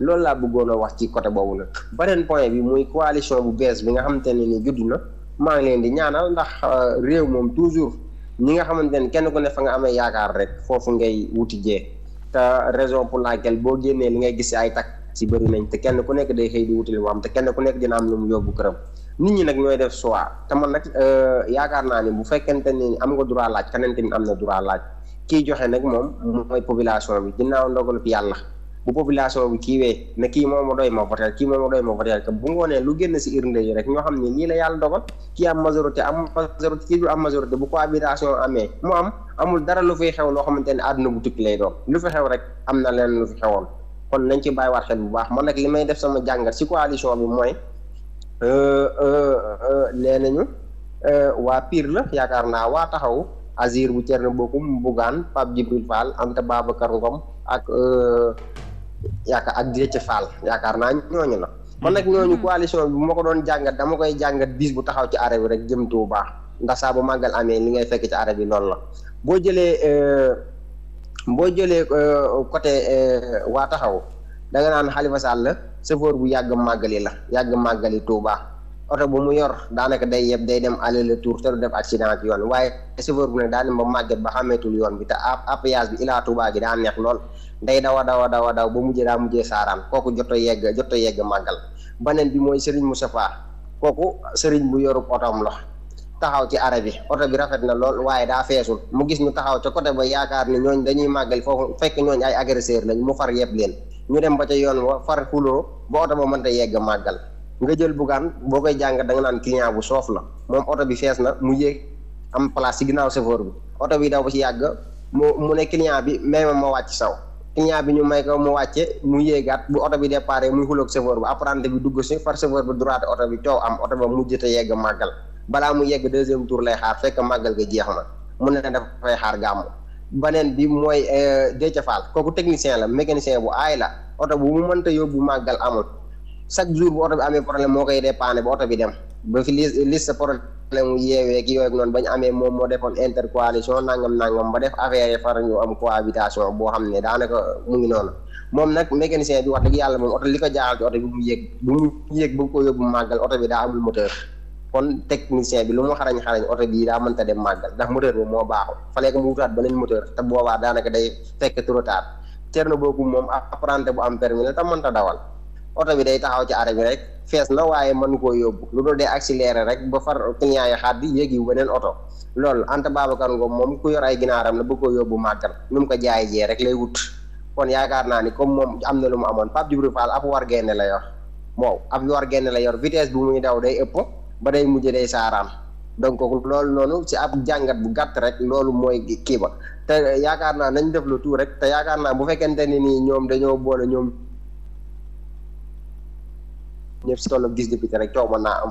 loolu laa bëggoon a wax ci côté boobu la beneen point bi muy coalition bu bees bi nga xamante ne ni judd na maa ngi leen di ñaanal ndax euh, réew moom toujours ñi nga xamante ne kenn ku ne fa nga amee yaakaar rek foofu ngay wuti jee te raison pour laquelle boo génnee li ngay gis ay takk ci bëri nañ te kenn ku nekk day xëy di wuti li mu am te kenn ku nekk dina am lu mu yóbbu këram nit ñi nag ñooy def choix te man nag euh, yaakaar naa ni bu fekkente ni am nga droit laaj keneen tamit am na droit laaj ki joxe nag moom mooy population bi ginnaaw ndogalu yàlla. bu population bi kiiwee ne kii moom ma doy ma voté kii moom ma doy ma voté te bu ngoonee lu génn si urne yi rek ñoo xam ne lii la yàlla dogal kii am majorité am majorité kii du am majorité bu cohabitation amee mu am amul dara lu fiy xew loo xamante ne àdduna bu tukki lay doon lu fi xew rek am na leen lu fi xewoon kon nañ ci bàyyiwaat xel bu baax man nag li may def sama jàngat si coalition bi mooy euh, euh, euh, nee nañu waa Pire la yaakaar naa waa taxaw Azir bu Thierno Bocoum Bougane Pape Djibril Fall Anta Babacar Ngom ak. yaakaar ak Déthié Fall yaakaar naa ñooñu la man nag ñooñu hmm. coalition bu ma ko doon jàngat dama koy jàngat bis bu taxaw ci arrêt bi rek jëm Touba ndax saa bu màggal amee li ngay fekk ci arrêt bi loolu la boo jëlee euh, boo jëlee euh, côté euh, waa taxaw danga nga naan Khalifa Sall chauffeur bu yàgg màggali la yàgg màggali Touba oto bu mu yor daanaka day yeb day dem aller le tour te du def accident ak yoon waaye chauffeur bu ne daa dem ba màgget ba xàmmeetul yoon bi te à péage bi Ila Touba gi daa neex lool day dawa dawa dawa daw ba mujjee daa mujjee saaraan kooku jot yegg jot a yegg màggal beneen bi mooy mu Moustapha kooku Serigne bu yorub otoom la taxaw ci arrêt bi oto bi na lool waaye daa feesul mu gis ñu taxaw ca côté ba yaakaar ne ñooñ dañuy màggal foofu fekk ñooñ ay agresseur lañ mu far yeb leen ñu dem ba ca yoon wa far xuloo ba oto ba mënta yegg màggal nga jël bugaan boo koy jàng da nga naan client bu soof la moom oto bi fees na mu yéeg am place ci ginnaaw chauffeur bi oto bi daw ba ci yàgg mu mu ne client bi may ma ma wàcc saw client bi ñu may ko mu wàcce mu yéegaat bu oto bi déparé muy xuloog chauffeur bi apprenti bi dugg si far chauffeur bi droite oto bi coow am oto ba mujj te yegg màggal balaa mu yegg deuxième tour lay xaar fekk màggal ga jeex na mu ne dafay xaar gàmmu beneen bi mooy euh, Déthié Fall kooku technicien la mécanicien bu aay la oto bu mu mënta yóbbu màggal amul chaque jour bu oto bi amee problème moo koy dépanner ba oto bi dem ba fi li liste problème mu yeewee ki yooyu noonu ba ñu amee moom moo defoon intercoalition nangam nangam ba def affaire yi far ñu am cohabitation boo xam ne daanaka mu ngi noonu moom nag mécanicien bi wax dëgg yàlla moom oto li ko jaaxal mu yéeg bu mu yéeg ba ko yóbbu màggal oto bi daa amul moteur kon technicien bi lu mu xarañ xarañ oto bi daa mënta dem màggal ndax moteur bi moo baaxul fallait lekk mu wutaat beneen moteur te boobaa daanaka day fekk trop tard Thierno Bocoum moom apprenti bu am permis la te mënta dawal. oto bi day taxaw ci arrêt bi rek fees na waaye mën koo yóbbu lu dul dee accéléré rek ba far client yi xaat di yéegi beneen oto loolu Anta kan Ngom moom ku yor ay ginaaram na ba koo yóbbu màggal nu mu ko jaay jee rek lay wut kon yaakaar naa ni comme moom am na lu mu amoon Pape Djibril Fall ab war génne la yor moom ab war génne la yor vitesse bu muy daw day ëpp ba day mujj day saaraam donc loolu noonu ci ab jàngat bu gàtt rek loolu mooy kii ba te yaakaar naa nañ def lu tuur rek te yaakaar naa bu fekkente ni nii ñoom dañoo boole ñoom ñëpp si rek coow mën naa am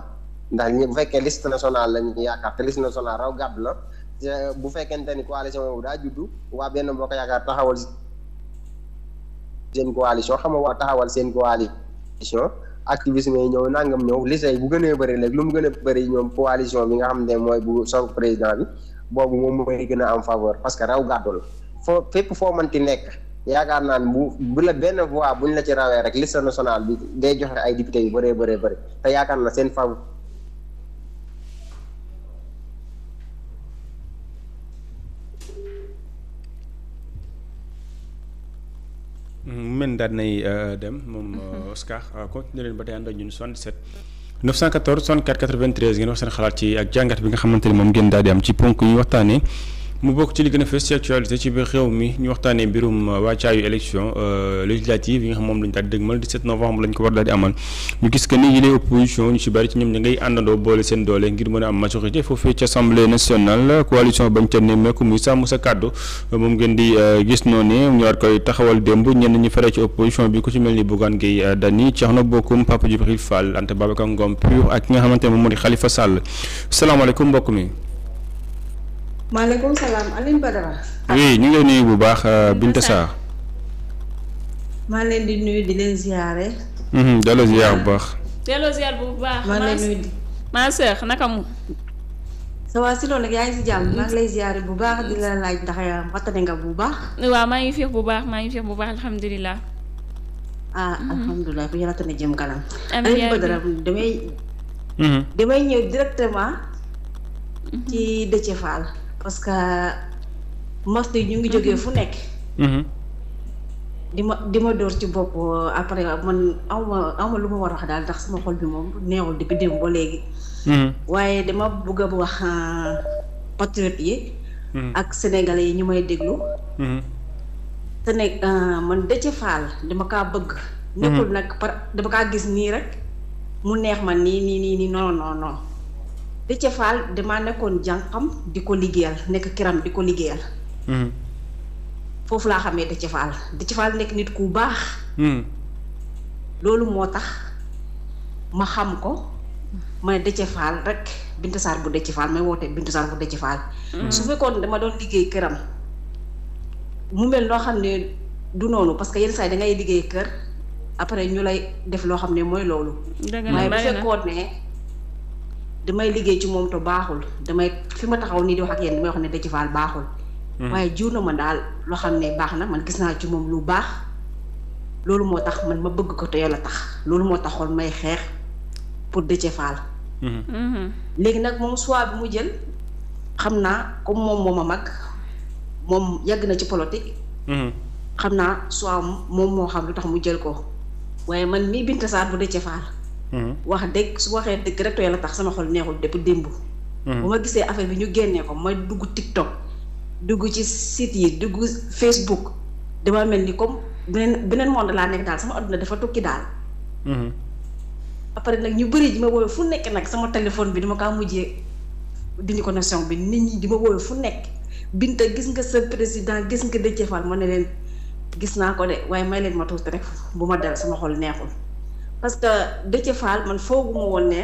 ndax ñu fekkee list nationale lañu yaakaar te liste nationale raw gàdd la bu fekkente ni coalition boobu daa juddu waa benn mbokk yaakaar taxawal seen coalition xam nga waa taxawal seen coalition activisme yi ñëw nangam ñëw liste yi bu gënee bëri léegi lu mu gën a bëri ñoom coalition bi nga xam ne mooy bu soog président bi boobu moom mooy gën a am faveur parce que raw gàddu la foo fépp foo mënti nekk yaakaar naa ne bu bu la benn voix bu ñu la ci rawee rek liste nationale bi day joxe ay député yu bëree bëree bëri te yaakaar na seen faw mën daal nay euh, dem moom euh, Oscar euh, continue leen ba tey ànd ak ñun 77 914 64 93 ngeen wax seen xalaat ci ak jàngat bi nga xamante ni moom ngeen daal di ci ponk yi waxtaanee. mu bokk ci li gën a fës ci actualité ci biir réew mi ñu waxtaanee mbirum euh, wàccaayu élection euh, législative yi nga xam moom lañu daal di dëgmal 17 novembre lañ ko war daal di amal ñu gis que ni yi lay opposition ñu ci bari ci ñoom ñi ngay àndandoo boole seen doole ngir mën a am majorité foofee ci assemblée nationale coalition bañ ca nemmeeku muy sàmm sa kàddu euh, moom ngeen di gis noonu ne ñu war koy taxawal démb ñenn ñi fare ci opposition bi ku ci mel ni Bougane Gueye Dany Thierno Bocoum Papa Djibril Fall Anta Babacar Ngom Pur ak ki nga xamante ne moom moo di Khalifa Sall salaamaaleykum mbokk mi maaleykum salaam Alioune Badara. ñu lay nuyu bu baax euh, Binta Sarr. maa leen di nuyu di leen ziare. Mhm, delloo ziar bu baax. delloo bu baax. maa leen nuyu di maa seex naka mu. ça va si loolu nag yaa ngi si jàmm. maa ngi lay ziare bu baax di la laaj ndax yaa euh, waxtaane nga bu baax. waaw maa ngi féex bu baax maa ngi féex bu baax alhamdulilah. ah mhm. alhamdulilah bu yàlla jëm kanam. amiin Badara damay. Mhm. damay ñëw directement. ci Déthié parce que mos yi ñu ngi jógee mm-hmm. fu nekk. Mm-hmm. di ma di ma door ci bopp euh, après man awma awma lu ma war a wax daal ndax sama xol bi moom neexul depuis démb ba léegi. Mm-hmm. waaye dama bëgg a wax euh, patriote yi. ak sénégalais yi ñu may déglu. te ne euh, man Déthié Fall dama kaa bëgg. nekkul nag par dama kaa gis nii rek mu neex ma nii nii nii nii non Déthié Fall damaa nekkoon jànqam di ko liggéeyal nekk kiram di ko liggéeyal. Hmm. foofu laa xamee Déthié Fall Déthié Fall nekk nit ku baax. Hmm. loolu moo tax ma xam ko ma ne Déthié Fall rek Bintu Sarr bu Déthié Fall may woote Bintu Sarr bu Déthié Fall. Hmm. su fekkoon dama doon liggéey këram mu mel noo xam ne du noonu parce que yenn saa yi da ngay liggéey kër après ñu lay def loo xam ne mooy loolu. waaye bu fekkoon ne. damay liggéey ci moom te baaxul damay fi ma taxaw nii di wax ak yéen damay wax ne Déthié Fall baaxul. Hmm. waaye jur na ma daal loo xam ne baax na man gis naa ci moom lu baax. loolu moo tax man ma bëgg ko te a tax loolu moo taxoon may xeex pour Déthié Fall. Hmm. Hmm. léegi nag moom choix bi mu jël xam naa comme moom moo mag moom yàgg na ci politique. xam naa choix moom moo xam lu tax mu jël ko waaye man mii Binta Sarr bu Déthié Fall. Mm-hmm. wax dëgg su waxee dëgg rek tooy la tax sama xol neexul depuis démb. Mm-hmm. bu ma gisee affaire bi ñu génnee ko ma dugg TikTok dugg ci site yi dugg Facebook dama mel ni comme beneen beneen monde laa nekk daal sama adduna dafa tukki daal. Mm-hmm. après nag ñu bëri di ma woowee fu nekk nag sama téléphone bi dama kaa mujjee dindi connexion bi nit ñi di ma woowee fu nekk Binta gis nga sa président gis nga Déthié ma ne leen gis naa ko de waaye may leen ma tuuti rek bu ma dal sama neexul. parce que Déthié Fall man fooguma woon ne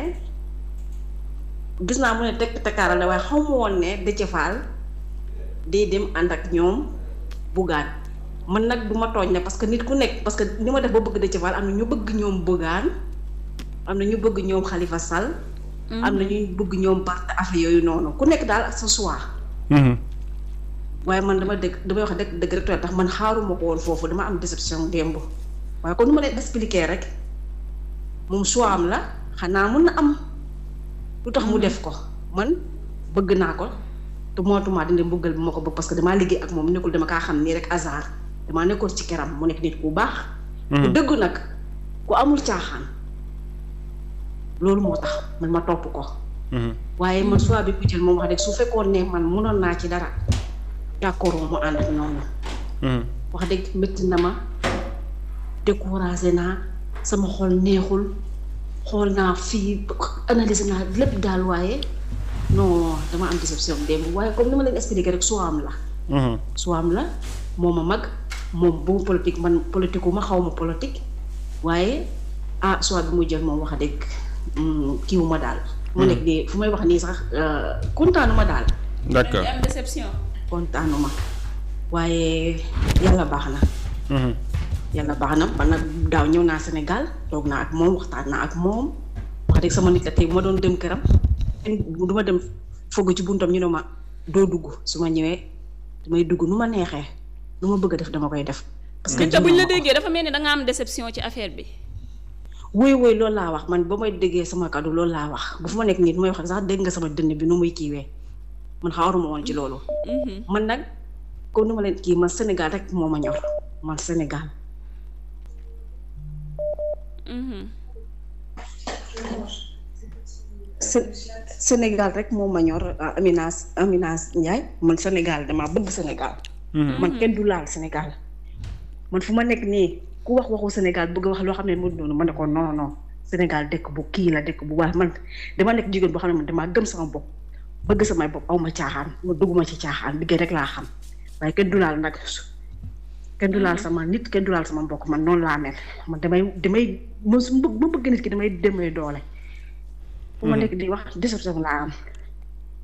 gis naa mu ne tekk tekkaaral la waaye xaw ma woon ne Déthié Fall day dem ànd ak ñoom Bougane man nag du ma tooñ ne parce que nit ku nekk parce que ni ma def ba bëgg Déthié Fall am na ñu bëgg ñoom Bougane am na ñu bëgg ñoom xalifa sal mhm. am na ñu bëgg ñoom Barth affaire yooyu noonu ku nekk daal ak sa choix. waaye man dama dëgg damay wax dëgg dëgg rek tax man xaaruma ko woon foofu dama am déception démb waaye kon nu ma leen expliquer rek. moom choix am la xanaa mën na am lu tax mu mm. def ko man bëgg naa ko te mootuma dina bëggal bi ma ko bëgg parce que damaa liggéey ak moom nekkul dama kaa xam nii rek hasard damaa nekkoon ci keram mu nekk nit ku baax mm. ku dëgg nag ku amul caaxaan loolu moo tax man ma topp ko mm-hmm. waaye man choix bi ku jël moom wax dëgg su fekkoon ne man munoon naa ci dara d'accord mm-hmm. wax dëgg métti na ma découragé naa sama xool neexul xool naa fii analyse naa lépp daal waaye non dama am déception démb waaye comme ni ma leen expliqué rek soo la. Mhm. soo am la moom a mag moom bu politique man politique ma xaw ma politique waaye ah soit bi mu jël moom wax a dégg mm, wu ma daal. mu nekk nii mhm. fu may wax nii sax euh, kontaanu ma daal. d'accord am déception. baax na. Mhm. yàlla baax na man nag daaw ñëw naa Sénégal toog naa moom waxtaan naa ak moom wax dëgg sama nit tey ma doon dem këram du ma dem fogg ci buntam ñu ma doo dugg su ma ñëwee damay dugg ma neexee nu ma bëgg a def dama koy def. parce que buñ la dafa mel ni da nga am déception ci affaire bi. woy woy loolu laa wax man ba may déggee sama kaddu loolu laa wax bu fu ma nekk nii may wax sax dégg nga sama dënn bi nu muy kiiwee man xawaruma woon ci loolu. Mm-hmm. man nag comme nu ma leen kii man Sénégal rek moo ma ñor man Sénégal. Sénégal rek moom ma ñor Amina Amina Ndiaye man Sénégal damaa bëgg Sénégal. man kenn du laal Sénégal. man fu ma nekk nii ku wax waxu Sénégal bëgg wax loo xam ne mu noonu ma ne ko non non Sénégal dëkk bu kii la dëkk bu baax man dama nekk jigéen boo xam ne man damaa gëm sama bopp bëgg samay bopp aw ma caaxaan ma dugguma ci caaxaan liggéey rek laa xam waaye kenn du laal nag. kenn du laal mhm. sama nit kenn du laal sama mbokk man noonu laa mel damay damay ma su ma bëgg nit ki damay demee doole. ma mhm. nekk di wax déception laa am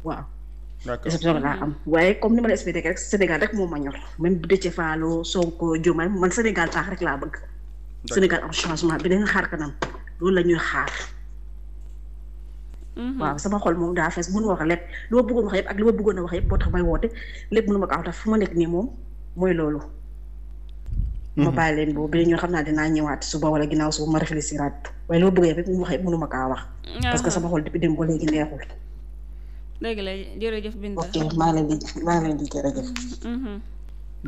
waaw. d'accord déception laa am waaye comme ni ma rek Sénégal rek moo ma ñor même Déthié Fall Sonko Diomaye man Sénégal rek laa bëgg. Sénégal changement beneen xaar loolu la ñuy xaar. Mhm. waaw sama xol moom daa fees mënu wax lépp li ma bëggoon wax yëpp tax may woote lépp mënu ma ko fu ma nekk nii moom mooy loolu. ma mhm. bàyyi leen boobu bi ñoo xam naa dinaa ñëwaat suba wala ginnaaw suba ma réfléchiraat waaye loolu bëggee rek mu waxee mënu ma kaa wax. Ah. parce sama xol depuis dem ba léegi neexul. léegi la jërëjëf Binta ok maa ngi leen maa ngi leen di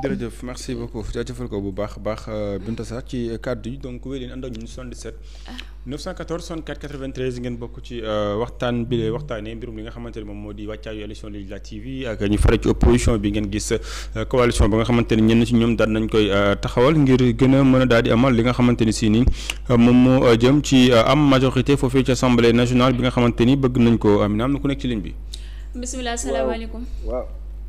jërëjëf merci beaucoup jaajëfal ko bu baax baax euh, Binta Sarr ci kàddu yi donc wéy leen ànd ak ñun 77 914 64 93 ngeen bokk ci euh, waxtaan bi waxtaanee mbirum li nga xamante ne moom moo di wàccaayu élection législative yi ak ñu fare ci opposition bi ngeen gis euh, coalition ba nga xamante ne ci ñoom daan nañ koy taxawal ngir gën a mën daal di amal li nga xamante ni si ni moom moo jëm ci am majorité foofee ci assemblée nationale bi nga xamante ni bëgg nañ ko am na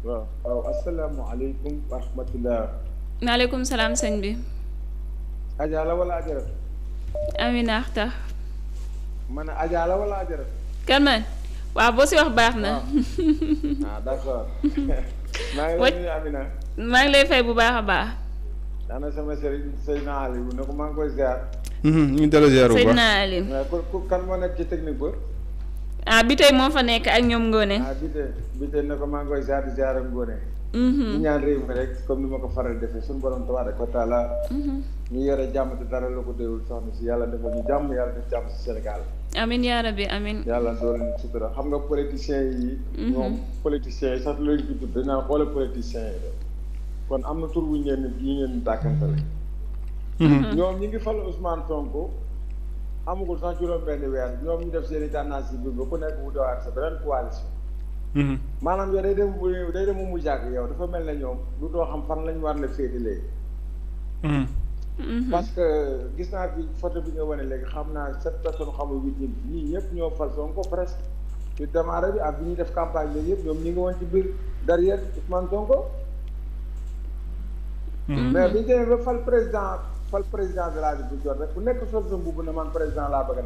waaw waaw asalaamaaleykum wa rahmatulah. salaam sëñ bi. Adja la wala Adjara. Amina Akhtar. man Adja la wala Adjara. kan man waaw boo si wax baax na. ah maa ngi lay fay bu baax a baax. daanaka sama sëriñ Seydina Aliou ne ko maa ngi koy ziar. Mhm, ñu ngi Seydina Aliou. kan moo nekk ci technique ba. ah bi tey moo fa nekk ak ñoom Ngone. ah bi tey bi tey ne ko maa ngi koy jaar di jaar ak Ngone. ñu mhm. ñaan réew rek comme ni ma ko faral defee suñu borom tabaaraka wa taala. Mhm. ñu yore jàmm te dara la ko déwul soxna si yàlla defal ñu jàmm yàlla def jàmm si Sénégal. amin yaa rabbi amin yàlla doole ñu xam nga politiciens yi. Mhm. ñoom politiciens yi sax lu leen ci tudd dinaa xoole politiciens yi de kon am na tur wu ñu leen yu ñu ñoom ñi ngi fal Ousmane Sonko. amagul sax juróom benn weer ñoom ñu def seen i tendance bi ba ku nekk mu dowaat sa beneen coalition mhm. maanaam yow day dem day dem mu jàgg yow dafa mel ne ñoom du doo xam fan lañ war na féetilee mhm. mhm. parce que gis naa fi photo bi nga wane léegi xam naa sept personnes xamul huit ñi ñii ñëpp ñoo fal Sonko presque ñu démarré bi ak bi ñu def campagne léegi yëpp ñoom ñi ngi woon ci biir derrière Ousmane Sonko mais bi ñu demee ba fal président fal président de la bu jot rek ku nekk sol sa mbubb ne man président laa bëgg a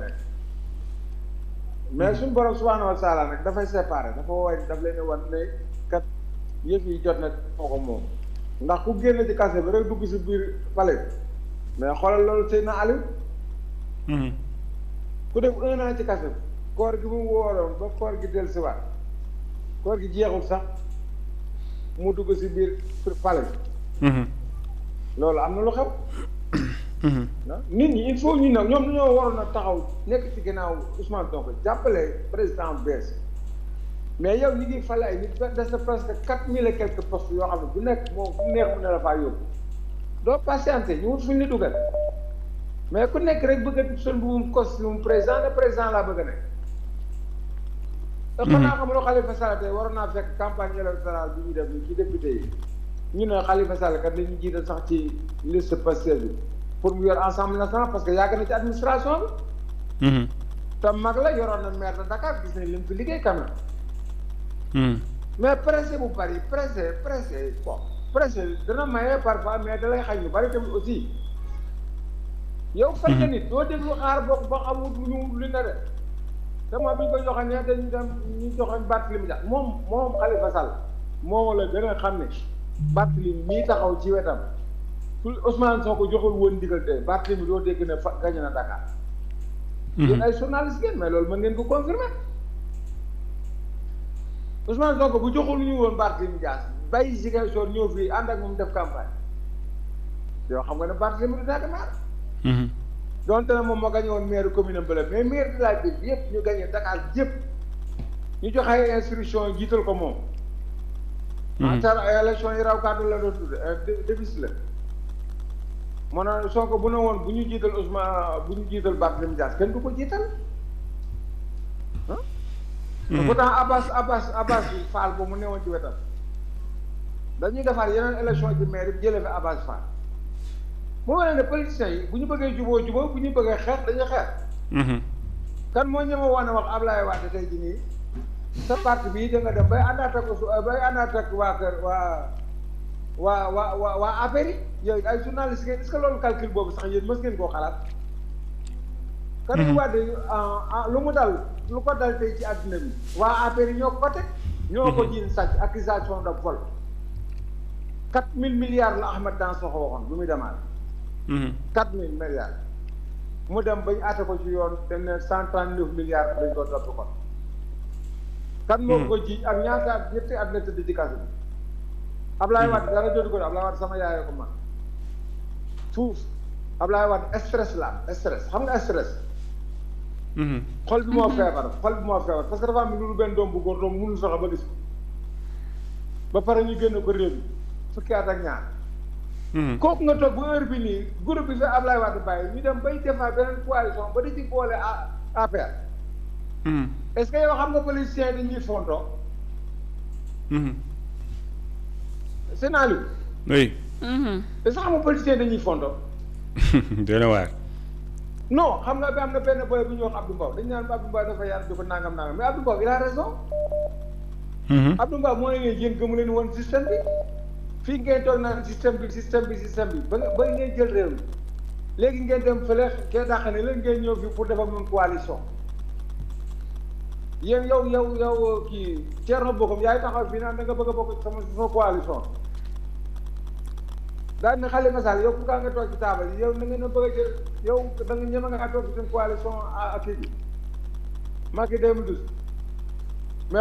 mais hmm. suñu borom subhaanahu wa taala nag dafay séparé dafa woy daf leen wan ne kat yëf yi jot na foo ko moom ndax ku génn ci kase bi rek dugg si biir palais mais xoolal loolu Seydina Ali hmm. ku def un an ci kase bi koor gi mu wooroon ba koor gi del siwaat koor gi jeexul sax mu dugg si biir palais hmm. loolu am na lu xew nit ñi il faut ñu ne ñoom ñoo waroon a taxaw nekk ci ginnaaw Ousmane Sonko jàppale président bees mais yow ñu ngi fal ay nit des na presque quatre mille et quelques yoo xam ne bu nekk moom bu neex mu ne yóbbu doo patienté ñu wut fu ñu la dugal mais ku nekk rek bëgg a sol bu mu costume président le président laa bëgg a nekk. Mhm. xanaa xam nga Khalifa Sall tey waroon naa fekk campagne électorale bi ñuy def ci député yi ñu ne Khalifa Sall kat dañuy jiital sax ci liste Pastef bi. pour mu yor ensemble national parce que yàgg na ci administration bi. Mhm. te mag la yoroon na maire de Dakar gis nañ li fi liggéey quand même. Mhm. mais pressé bu bari pressé pressé bon pressé dana maye parfois mais da lay xañ lu bari tamit aussi. yow mhm. fekke nit doo déglu xaar bokk ba xamul ñu li na de sama bi ñu ko joxee ne dañu dem ñu joxoon Barthélémy Dias moom moom Khalifa Sall moo la gën a xam ne Barthélémy mii taxaw ci wetam. su Ousmane ko joxul woon ndigal tey Barthélémy doo dégg ne fa gañe na Dakar. Mhm. yéen ay journaliste ngeen mais loolu mën ngeen ko confirmer Ousmane Sonko bu joxul ñu woon Barthélémy Dias bàyyi Ziguinchor ñëw fii ànd ak moom def campagne yoo xam nga ne Barthélémy dinaa demaar mhm. donte moom moo gañe woon maire commune Mbele mais maire de la ville yëpp ñu gañe Dakar yëpp ñu joxe ay instruction jiital ko moom. Mhm. en élection yi raw kàddu la doon euh, la. moo naan Sonko bu ne woon bu ñu jiital Ousmane bu ñu jiital Barthélémy Dias kenn du ko jiital hmm. te pourtant Abbas Abbas Abbas Fall ba mu newoon ci wetam dañuy defar yeneen élection ci maire bi jëlee fi Abbas Fall moo wane ne politiciens yi bu ñu bëggee juboo juboo bu ñu bëggee xeex dañuy xeex mooy hmm. moo ñëma woon a wax Ablaye Wade tey jii nii sa parti bii da dem bay àndaat ak waa kër waa waa waa waa waa affaire yi yooyu ay journaliste ngeen est-ce que loolu calcul boobu sax yéen mës ngeen koo xalaat. Karim hmm. Wade lu mu dal lu ko dal tey ci àdduna bi waa affaire yi ñoo ko teg. ñoo ko hmm. jiin sàcc accusation de vol. quatre mille milliards la Ahmed Dansokho waxoon bu muy demande. Hmm. quatre mille milliards. mu dem bañ àtte ko ci yoon dañ ne cent trente neuf milliards dañ ko topp kon. kan moo ko ji ak ñaata ñetti at la tëdd Ablaye Wade hmm. dara jotu ko de Ablaye Wade sama yaayoo ko man fuuf Ablaye Wade stress la am stress xam nga stress. Hmm. xol bi moo hmm. feebar xol bi moo feebar parce que dafa am lu benn doom bu doom mënul fexe ba gis ko ba pare ñu génn ko réew mi fukki at ak ñaar. kooku nga toog ba heure bi nii groupe bi la Ablaye Wade bàyyi ñu dem bay defar beneen coalition ba di ci boole APR. est yow xam nga politicien dañuy fontoo. Sénalou. oui. te sax ma politicien dañuy fondo. dina waar. non xam nga bi am na benn boy bu ñuy wax Abdou Mbow dañu naan Abdou Mbow dafa yar dafa nangam nangam mais Abdou Mbow il a raison. Mhm. Abdou Mbow moo ne leen yéen gëmu leen woon système bi. fii ngeen toog naan système bi système bi système bi ba nga ba ngeen jël réew mi léegi ngeen dem fële kee dàq ne leen ngeen ñëw fii pour def ak moom coalition. yéen yow yow yow kii Thierno Bocoum yaay taxaw fii naan da nga bëgg a bokk sama sama daal ne xale Massal yow pourquoi nga toog ci taabal yow na ngeen a bëgg a yow da nga ñeme nga toog ci seen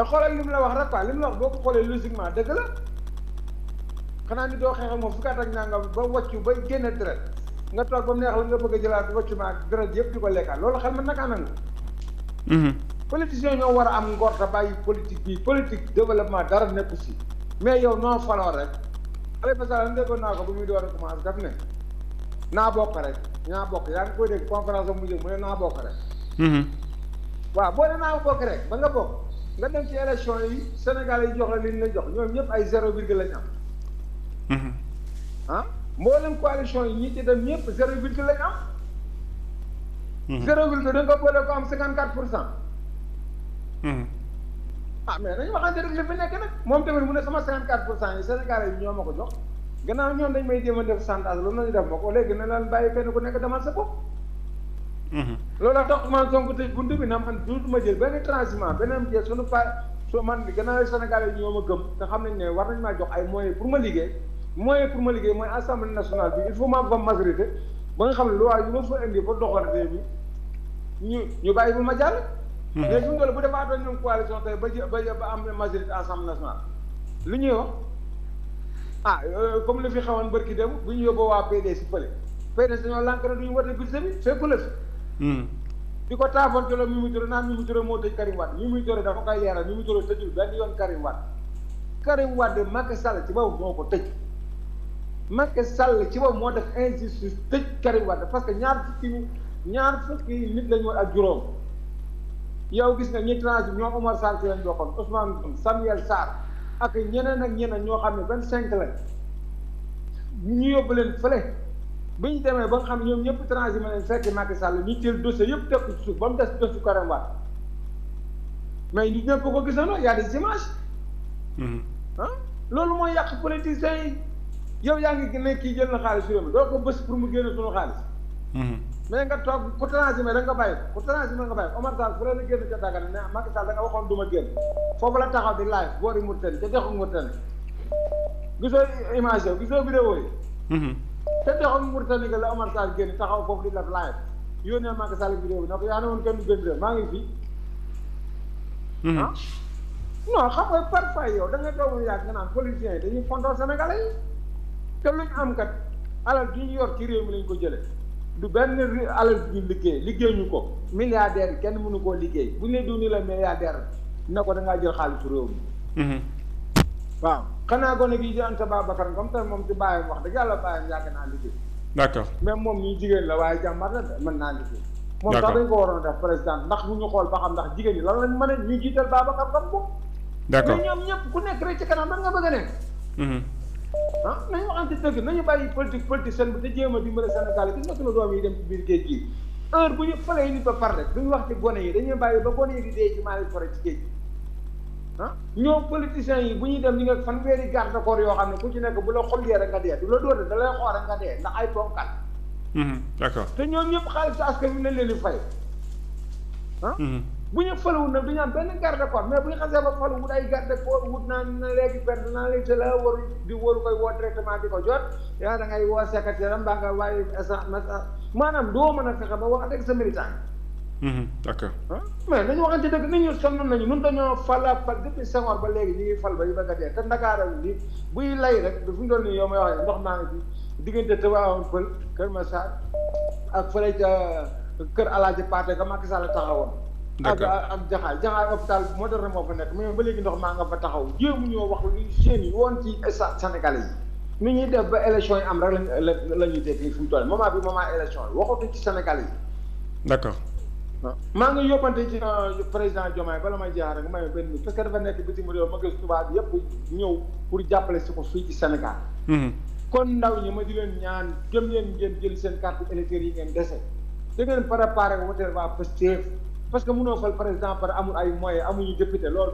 coalition li mu la wax rek quoi li mu xoolee logiquement dëgg la xanaa ni doo xeexal moom fukki at ak nangam ba wàccu ba génne deret nga toog ba neex la nga bëgg a jëlaat wàccu ma ak deret yëpp di ko lekkaat loolu xel mën naka nangu. Mm-hmm. politiciens ñoo war a am ngor bàyyi politique bi politique développement dara nekku si mais yow noo faloo rek. Xalifa Sall déggoon naa ko bu muy door a commencé daf ne naa bokk rek naa bokk yaa ngi koy dégg conférence am mu jëm mu ne naa bokk rek. Mhm. waaw boo naa bokk rek ba nga bokk nga dem ci élection yi Sénégal yi jox la li ñu jox ñoom ñëpp ay zéro virgule lañ am. Mhm. ah mboolem coalition yi ñi ci dem ñëpp zéro virgule lañ am. Mhm. zéro virgule da nga ko boole ko am cinquante quatre pour cent. ah mais dañu waxante rek li fi nekk nag moom tamit mu ne sama 54 pour cent yi Sénégalais yi ñoo ma ko a def chantage ne leen mhm. bi na man dootuma jël benn transiment ma xam nañ ne war nañ jox ay moyens pour ma liggéey moyens pour ma liggéey mooy assemblée nationale bi il faut ma am majorité ba nga xam ne loi yu ma fa indi ba doxal réew mi ñu ñu bàyyi bu ma jàll. Mhm. mais fi mu toll bu defaatoon ñoom coalition tey ba ba ba am majorité assemblée nationale lu ñuy wax ah euh, comme li fi xawoon bërki dem bu ñu yóbboo waa PDS fële PDS dañoo lànk na du ñu wote budget bi fekk la fi mhm. di ko taafanteloo mi mu turé naan mi mu turé moo tëj Karim Wade mi mu turé dafa koy leeral mi mu turé tëjul benn yoon Karim Wade Karim Wade Macky Sall ci boobu moo ko tëj Macky Sall ci boobu moo def injustice tëj Karim Wade parce que ñaar fukki ñaar fukki nit la ak juróom yow gis nga ñi transi ñoom Omar Sarr ci lañ bokkoon Ousmane Ngom Samuel Sarr ak ñeneen ak ñeneen ñoo xam ne vingt cinq la ñu yóbbu leen fële bi ñu demee ba nga xam ne ñoom ñëpp transhumé leen fekk Macky Sall ñu teel dossier yëpp teg su ci suuf ba mu des dossier Karim Wade mais ñu ñëpp ko gisandoo y a des images ah loolu mooy yàq politiciens yi yow yaa ngi ne kii jël na xaalis réew mi doo ko bës pour mu génn suñu xaalis mm-hmm. mais nga toog ku transhumé rek nga bàyyi ko ku transhumé nga bàyyi ko Omar Sall fu leen génn ca Dagana ne Macky Sall da nga waxoon du ma génn foofu la taxaw di live boori Mauritanie te dexu Mauritanie gisoo image yow gisoo vidéo yi mhm. te dexu Mauritanie nga la Omar Sall génn taxaw foofu di def live yónnee Macky Sall vidéo bi na ko yaa ne woon kenn du génn maa ngi fii mhm. ah non xam nga parfois yow da ngay toog mu yàgg nga naan politiciens yi dañuy fondoo Sénégalais yi te luñ am kat alal gi ñu yor ci réew mi lañ ko jëlee du benn alal bi liggéey liggéey ñu ko milliardaire kenn mënu koo liggéey bu ñu la duuni la milliardaire na ko da ngaa jël xaalisu réew mi mm-hmm. waaw xanaa gone gi jaan sa Babacar comme te moom ci bàyyam wax dëgg yàlla bàyyam yàgg naa liggéey d'accord même moom ñu jigéen la waaye jàmbar la mën naa liggéey moom tax dañ ko waroon def président ndax bu ñu xool ba xam ndax jigéen ñi lan lañ mën a ñu jiital Babacar Ngom moom d'accord mais ñoom ñëpp ku nekk rek ci kanam da nga bëgg a nekk mm-hmm. ah nañu waxante dëgg nañu bàyyi politique politicien bi te jéem a dimbale Sénégal gis nga suñu doom yi dem ci biir géej gi heure bu ñu falee nit ba far rek duñu wax ci gone yi dañuy bàyyi ba gone yi di dee ci maali forêt ci géej gi ah, ñoom politiciens yi bu ñuy dem ñu nga fanweeri garde corps yoo xam ne ku ci nekk bu la xollee rek nga dee du la dóor da lay xool rek nga dee ndax ay ponkal mhm, te ñoom ñëpp xaalis askan wi nañ leen di fay ah? mhm. bu ñu fële nag du ñu am benn garde corps mais bu ñu xasee ba fële wut ay garde corps wut naa na léegi perte naa léegi te la waru di waru koy woo directement di ko jot yaa da ngay woo secrétaire mbaa nga waaye maanaam doo mën a fexe ba wax ak sa militant. Mhm, d'accord. Ah, mais nañu waxante dëgg nit ñu sonn nañu ñun dañoo fal ba léegi ñu ngi fal ba yu bëgg a dee te Ndakaaru bi buy lay rek fu mu doon nii yow may waxee ndox maa ngi fi diggante Tivaouane Peulh Kër Massar ak fële ca kër Alaaji Paate ka Macky Sall taxawoon ak ak jaxaay jaxaay hôpital moderne moo fa nekk mais ba léegi ndox maa nga fa taxaw jéemu ñoo wax luy jeunes yi ci état sénégalais yi ni ñuy def ba élection yi am rek la la ñuy dégg fu mu toll moment bi moment élection yi waxatuñ ci sénégalais yi d'accord ah. maa ngi yóbbante ci ah, président Diomaye bala may jaar rek may benn parce que dafa nekk bitim réew ma gis tubaab yëpp ñëw pour jàppale si ko fii ci Sénégal hmm. kon ndaw ñi ma di leen ñaan jëm leen ngeen jël seen carte yi ngeen dese da parce :fra que :fra munoo fal président :fra par :fra amul ay moyens :fra amuñu député :fra loolu